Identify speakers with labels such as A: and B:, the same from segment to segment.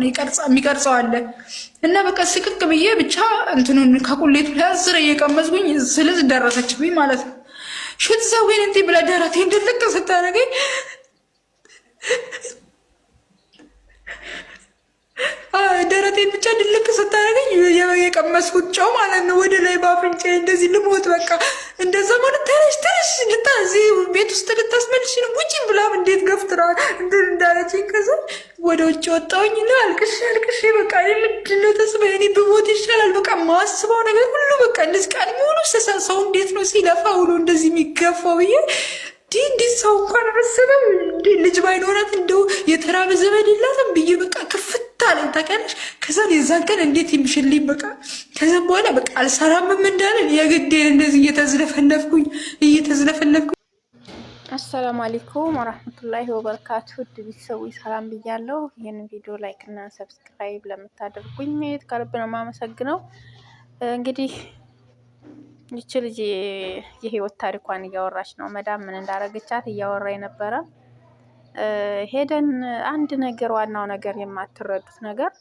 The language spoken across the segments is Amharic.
A: ነው የሚቀርጸው አለ እና በቃ ስቅቅ ብዬ ብቻ እንትኑን ከቁሌቱ ላይ አዝረ ስልዝ ደረሰችብኝ ማለት ነው። ሹት ዘዌን እንዲህ ብላ ደረቴ እንድልቅ ስታደርገኝ ደረቴን ብቻ በአስወጫው ማለት ነው ወደ ላይ በአፍንጫ እንደዚህ ልሞት በቃ እንደዛ ማለት ተነሽ ተነሽ ልታዚህ ቤት ውስጥ ልታስመልሽ ነው ውጪ ብላም እንዴት ገፍትራ እንድን እንዳለችኝ ከዛ ወደ ውጭ ወጣውኝ ና አልቅሽ አልቅሽ በቃ ምንድነው ተስበ እኔ ብሞት ይሻላል በቃ ማስበው ነገር ሁሉ በቃ እንደዚህ ቃል ሙሉ ሰው እንዴት ነው ሲለፋ ውሎ እንደዚህ የሚገፋው ብዬ እንዲህ እንዲህ ሰው እንኳን አላሰበም ልጅ ባይኖራት እንደው የተራበ ዘመድ የላትም ብዬ በቃ ክፍት አለኝ ታውቂያለሽ። ከዛ የዛን ቀን እንዴት የሚሽልኝ በቃ ከዛም በኋላ በቃ አልሰራምም እንዳለን የግዴን እንደዚህ እየተዝለፈለፍኩኝ እየተዝለፈለፍኩኝ።
B: አሰላሙ አሌይኩም ወራህመቱላሂ ወበረካቱ። ውድ ቤተሰቦች ሰላም ብያለሁ። ይህን ቪዲዮ ላይክ እና ሰብስክራይብ ለምታደርጉኝ የት ከልብ ነው የማመሰግነው። እንግዲህ ይቺ ልጅ የህይወት ታሪኳን እያወራች ነው። መዳም ምን እንዳረገቻት እያወራ የነበረ ሄደን አንድ ነገር ዋናው ነገር የማትረዱት ነገር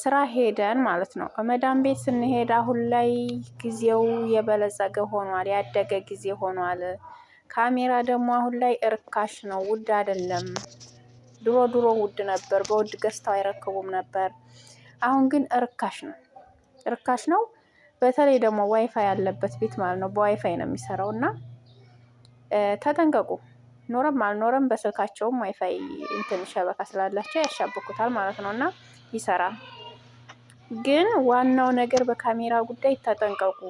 B: ስራ ሄደን ማለት ነው። መዳም ቤት ስንሄድ አሁን ላይ ጊዜው የበለጸገ ሆኗል፣ ያደገ ጊዜ ሆኗል። ካሜራ ደግሞ አሁን ላይ እርካሽ ነው፣ ውድ አይደለም። ድሮ ድሮ ውድ ነበር፣ በውድ ገዝተው አይረክቡም ነበር። አሁን ግን እርካሽ ነው፣ እርካሽ ነው። በተለይ ደግሞ ዋይፋይ ያለበት ቤት ማለት ነው። በዋይፋይ ነው የሚሰራው እና ተጠንቀቁ። ኖረም አልኖረም በስልካቸውም ዋይፋይ እንትን ሸበካ ስላላቸው ያሻብኩታል ማለት ነው እና ይሰራል። ግን ዋናው ነገር በካሜራ ጉዳይ ተጠንቀቁ።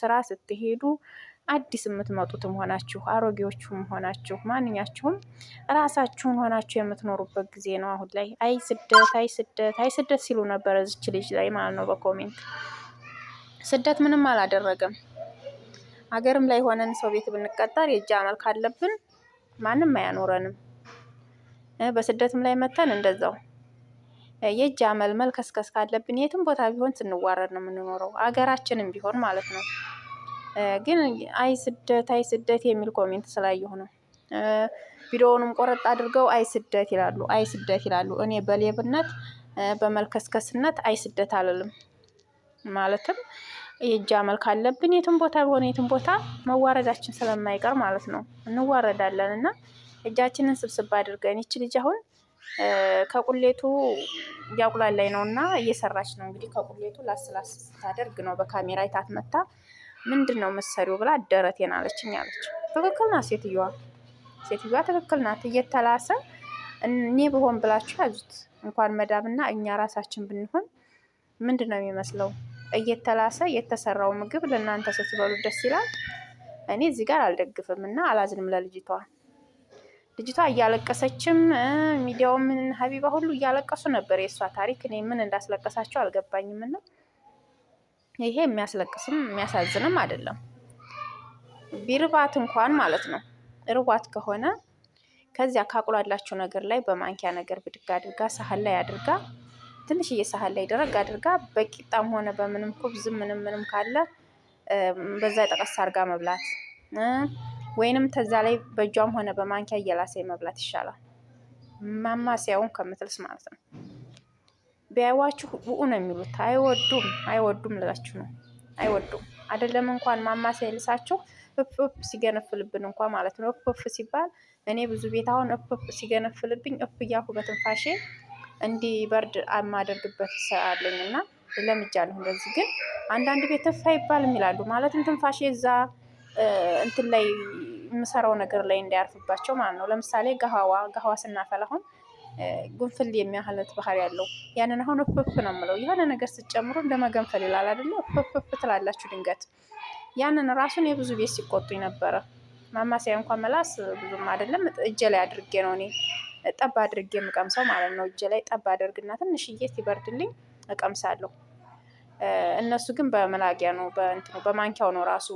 B: ስራ ስትሄዱ አዲስ የምትመጡትም ሆናችሁ አሮጌዎችም ሆናችሁ ማንኛችሁም ራሳችሁን ሆናችሁ የምትኖሩበት ጊዜ ነው አሁን ላይ። አይ ስደት፣ አይ ስደት፣ አይ ስደት ሲሉ ነበረ ዝች ልጅ ላይ ማለት ነው በኮሜንት ስደት ምንም አላደረገም። ሀገርም ላይ ሆነን ሰው ቤት ብንቀጠር የእጅ መልክ አለብን። ማንም አያኖረንም። በስደትም ላይ መተን እንደዛው የእጅ አመልመል ከስከስ ካለብን የትም ቦታ ቢሆን ስንዋረድ ነው የምንኖረው፣ አገራችንም ቢሆን ማለት ነው። ግን አይ ስደት አይ ስደት የሚል ኮሜንት ስላየሁ ነው። ቪዲዮውንም ቆረጥ አድርገው አይ ስደት ይላሉ፣ አይ ስደት ይላሉ። እኔ በሌብነት በመልከስከስነት አይ ስደት አልልም ማለትም የእጅ አመል ካለብን የትም ቦታ በሆነ የትም ቦታ መዋረዳችን ስለማይቀር ማለት ነው እንዋረዳለን እና እጃችንን ስብስብ አድርገን ይች ልጅ አሁን ከቁሌቱ እያቁላል ላይ ነው እና እየሰራች ነው እንግዲህ ከቁሌቱ ላስላስ ስታደርግ ነው በካሜራ የታት መታ ምንድን ነው መሰሪው ብላ ደረቴን አለችኝ አለች ትክክል ናት ሴትዮዋ ሴትዮዋ ትክክል ናት እየተላሰ እኔ ብሆን ብላችሁ ያዙት እንኳን መዳብና እኛ ራሳችን ብንሆን ምንድን ነው የሚመስለው እየተላሰ የተሰራው ምግብ ለእናንተ ስትበሉ ደስ ይላል። እኔ እዚህ ጋር አልደግፍም እና አላዝንም ለልጅቷ። ልጅቷ እያለቀሰችም ሚዲያው ምን ሀቢባ ሁሉ እያለቀሱ ነበር። የእሷ ታሪክ እኔ ምን እንዳስለቀሳቸው አልገባኝም። እና ይሄ የሚያስለቅስም የሚያሳዝንም አይደለም። ቢርባት እንኳን ማለት ነው እርቧት ከሆነ ከዚያ ካቁላላችሁ ነገር ላይ በማንኪያ ነገር ብድግ አድርጋ ሳህን ላይ አድርጋ ትንሽዬ ሳህን ላይ ደረግ አድርጋ በቂጣም ሆነ በምንም ኩብዝ ምንም ምንም ካለ በዛ ጠቀስ አድርጋ መብላት ወይንም ተዛ ላይ በእጇም ሆነ በማንኪያ እየላሰ መብላት ይሻላል። ማማሲያውን ከምትልስ ማለት ነው። ቢያዩዋችሁ ውኡ ነው የሚሉት። አይወዱም አይወዱም ልላችሁ ነው። አይወዱም አይደለም እንኳን ማማሲያ ይልሳችሁ እፍፍ ሲገነፍልብን እንኳ ማለት ነው። እፍፍ ሲባል እኔ ብዙ ቤት አሁን እፍፍ ሲገነፍልብኝ እፍ እያልኩ በትንፋሼ እንዲህ በርድ የማደርግበት አለኝ እና ለምጃለሁ። እንደዚህ ግን አንዳንድ ቤት ተፍ አይባልም ይላሉ። ማለትም ትንፋሽ የዛ እንትን ላይ የምሰራው ነገር ላይ እንዳያርፍባቸው ማለት ነው። ለምሳሌ ጋህዋ ጋህዋ ስናፈላ አሁን ጉንፍል የሚያህለት ባህሪ ያለው ያንን አሁን እፍፍ ነው የምለው። የሆነ ነገር ስትጨምሩ እንደ መገንፈል ይላል አደለ? እፍፍ ትላላችሁ ድንገት። ያንን ራሱን የብዙ ቤት ሲቆጡኝ ነበረ። ማማሰያ እንኳን መላስ ብዙም አደለም፣ እጄ ላይ አድርጌ ነው እኔ ጠብ አድርጌ የምቀምሰው ማለት ነው። እጄ ላይ ጠብ አድርግና ትንሽዬ ሲበርድልኝ እቀምሳለሁ። እነሱ ግን በመላጊያ ነው በማንኪያው ነው ራሱ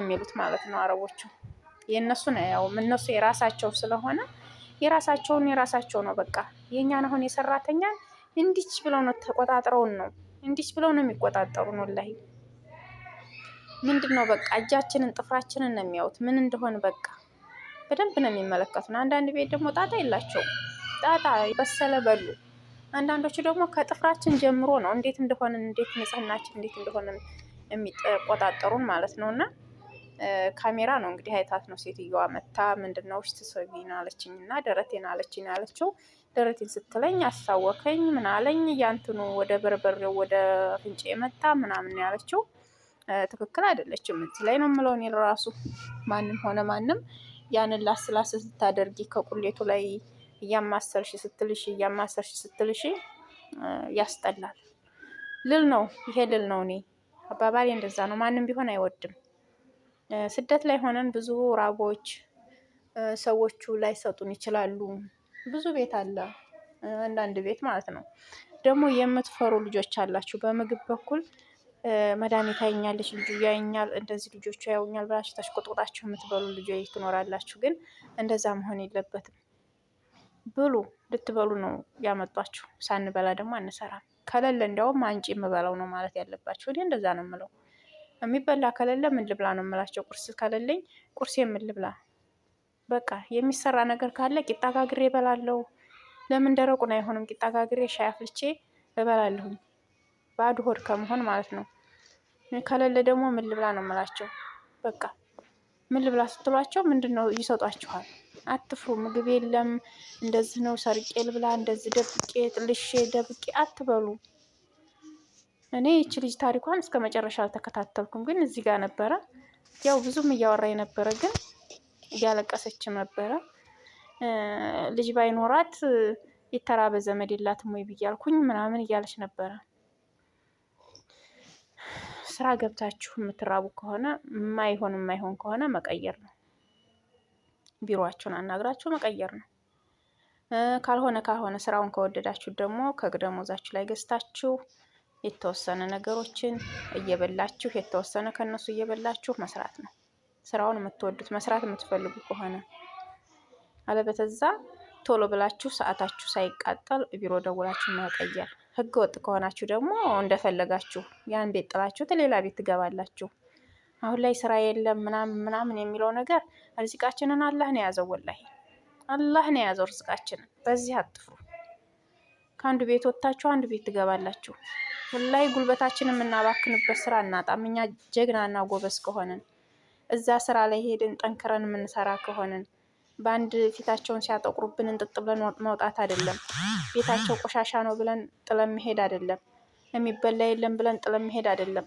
B: የሚሉት ማለት ነው አረቦቹ። የእነሱ ነው ያው እነሱ የራሳቸው ስለሆነ የራሳቸውን የራሳቸው ነው በቃ። የእኛን አሁን የሰራተኛን እንዲች ብለው ነው ተቆጣጥረውን ነው እንዲች ብለው ነው ነው ላይ ምንድን ነው በቃ እጃችንን ጥፍራችንን ነው የሚያዩት ምን እንደሆን በቃ በደንብ ነው የሚመለከቱን። አንዳንድ ቤት ደግሞ ጣጣ የላቸውም። ጣጣ በሰለ በሉ። አንዳንዶቹ ደግሞ ከጥፍራችን ጀምሮ ነው እንዴት እንደሆነ እንዴት ንጽህናችን እንዴት እንደሆነ የሚቆጣጠሩን ማለት ነው። እና ካሜራ ነው እንግዲህ አይታት ነው ሴትዮዋ መታ ምንድን ነው ውስጥ ሰቢን አለችኝ እና ደረቴን አለችኝ ያለችው ደረቴን ስትለኝ አስታወከኝ አለኝ እያንትኑ ወደ በርበሬው ወደ ፍንጭ መታ ምናምን ያለችው ትክክል አይደለችም። እዚህ ላይ ነው የምለው እኔ ራሱ ማንም ሆነ ማንም ያንን ላስላስ ስታደርጊ ከቁሌቱ ላይ እያማሰርሽ ስትልሽ እያማሰርሽ ስትልሽ ያስጠላል። ልል ነው ይሄ ልል ነው። እኔ አባባሌ እንደዛ ነው። ማንም ቢሆን አይወድም። ስደት ላይ ሆነን ብዙ ራቦች ሰዎቹ ላይሰጡን ይችላሉ። ብዙ ቤት አለ፣ አንዳንድ ቤት ማለት ነው። ደግሞ የምትፈሩ ልጆች አላችሁ በምግብ በኩል መድኃኒት ያኛለች ልጁ ያኛል እንደዚህ ልጆቹ ያውኛል ብላችሁ ተሽቆጥቁጣችሁ የምትበሉ ልጆች ትኖራላችሁ። ግን እንደዛ መሆን የለበትም። ብሉ ልትበሉ ነው ያመጧችሁ። ሳንበላ ደግሞ አንሰራም። ከሌለ እንዲያውም አንጪ የምበላው ነው ማለት ያለባችሁ። እኔ እንደዛ ነው የምለው። የሚበላ ከሌለ ምን ልብላ ነው የምላቸው። ቁርስ ከሌለኝ ቁርሴ ምን ልብላ? በቃ የሚሰራ ነገር ካለ ቂጣ ጋግሬ እበላለሁ። ለምን ደረቁን አይሆንም? ቂጣ ጋግሬ ሻይ አፍልቼ እበላለሁኝ። ባዶ ሆድ ከመሆን ማለት ነው። ከሌለ ደግሞ ምን ልብላ ነው የምላቸው። በቃ ምን ልብላ ስትሏቸው ምንድን ነው ይሰጧችኋል። አትፍሩ። ምግብ የለም እንደዚህ ነው ሰርቄ ልብላ፣ እንደዚህ ደብቄ ጥልሼ ደብቄ አትበሉ። እኔ ይቺ ልጅ ታሪኳን እስከ መጨረሻ አልተከታተልኩም፣ ግን እዚህ ጋር ነበረ። ያው ብዙም እያወራ የነበረ ግን እያለቀሰችም ነበረ። ልጅ ባይኖራት የተራበ ዘመድ የላትም ወይ ብያልኩኝ ምናምን እያለች ነበረ። ስራ ገብታችሁ የምትራቡ ከሆነ የማይሆን የማይሆን ከሆነ መቀየር ነው። ቢሮአችሁን አናግራችሁ መቀየር ነው። ካልሆነ ካልሆነ ስራውን ከወደዳችሁ ደግሞ ከደሞዛችሁ ላይ ገዝታችሁ የተወሰነ ነገሮችን እየበላችሁ የተወሰነ ከነሱ እየበላችሁ መስራት ነው። ስራውን የምትወዱት መስራት የምትፈልጉ ከሆነ አለበተዛ ቶሎ ብላችሁ ሰዓታችሁ ሳይቃጠል ቢሮ ደውላችሁ መቀየር ህገ ወጥ ከሆናችሁ ደግሞ እንደፈለጋችሁ ያን ቤት ጥላችሁ ሌላ ቤት ትገባላችሁ። አሁን ላይ ስራ የለም ምናምን ምናምን የሚለው ነገር ርዝቃችንን አላህ ነው የያዘው። ወላሂ አላህ ነው የያዘው ርዝቃችንን። በዚህ አትፍሩ። ከአንዱ ቤት ወጥታችሁ አንዱ ቤት ትገባላችሁ። ወላሂ ጉልበታችንን የምናባክንበት ስራ እናጣም። እኛ ጀግናና ጎበዝ ከሆንን እዛ ስራ ላይ ሄድን ጠንክረን የምንሰራ ከሆንን በአንድ ፊታቸውን ሲያጠቁሩብን እንጥጥ ብለን መውጣት አይደለም። ቤታቸው ቆሻሻ ነው ብለን ጥለን መሄድ አይደለም። የሚበላ የለም ብለን ጥለን መሄድ አይደለም።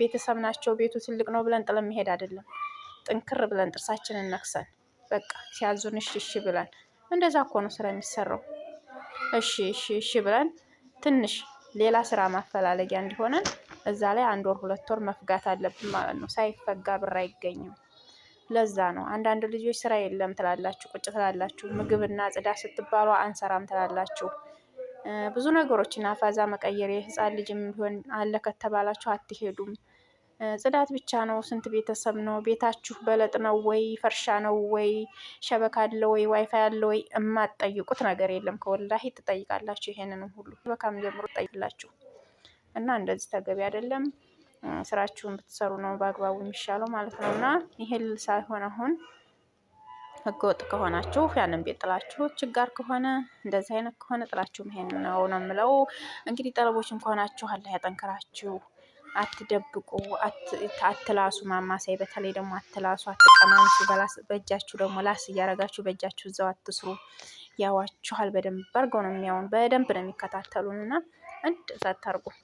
B: ቤተሰብ ናቸው፣ ቤቱ ትልቅ ነው ብለን ጥለን መሄድ አይደለም። ጥንክር ብለን ጥርሳችንን ነክሰን በቃ ሲያዙን እሺ እሺ ብለን እንደዛ እኮ ነው ስራ የሚሰራው። እሺ እሺ እሺ ብለን ትንሽ ሌላ ስራ ማፈላለጊያ እንዲሆነን እዛ ላይ አንድ ወር ሁለት ወር መፍጋት አለብን ማለት ነው። ሳይፈጋ ብር አይገኝም። ለዛ ነው አንዳንድ ልጆች ስራ የለም ትላላችሁ፣ ቁጭ ትላላችሁ፣ ምግብና ጽዳ ስትባሉ አንሰራም ትላላችሁ። ብዙ ነገሮችን አፋዛ መቀየር የህፃን ልጅም ቢሆን አለ ከተባላችሁ አትሄዱም። ጽዳት ብቻ ነው። ስንት ቤተሰብ ነው? ቤታችሁ በለጥ ነው ወይ ፈርሻ ነው ወይ ሸበካ አለ ወይ ዋይፋይ አለ ወይ? የማትጠይቁት ነገር የለም። ከወላሂ ትጠይቃላችሁ። ይሄንንም ሁሉ ሸበካም ጀምሮ ትጠይቃላችሁ። እና እንደዚህ ተገቢ አይደለም። ስራችሁን ብትሰሩ ነው በአግባቡ የሚሻለው ማለት ነው። እና ይሄ ሳይሆን አሁን ህገወጥ ከሆናችሁ ያንን ቤት ጥላችሁ ችጋር ከሆነ እንደዚህ አይነት ከሆነ ጥላችሁ መሄድ ነው ነው የምለው። እንግዲህ ጠለቦችን ከሆናችሁ አላህ ያጠንክራችሁ። አትደብቁ፣ አትላሱ። ማማሳይ በተለይ ደግሞ አትላሱ፣ አትቀማምሱ። በእጃችሁ ደግሞ ላስ እያረጋችሁ በእጃችሁ እዛው አትስሩ። ያዋችኋል። በደንብ አድርገው ነው የሚያውን፣ በደንብ ነው የሚከታተሉን እና እንድ ሳታርጉ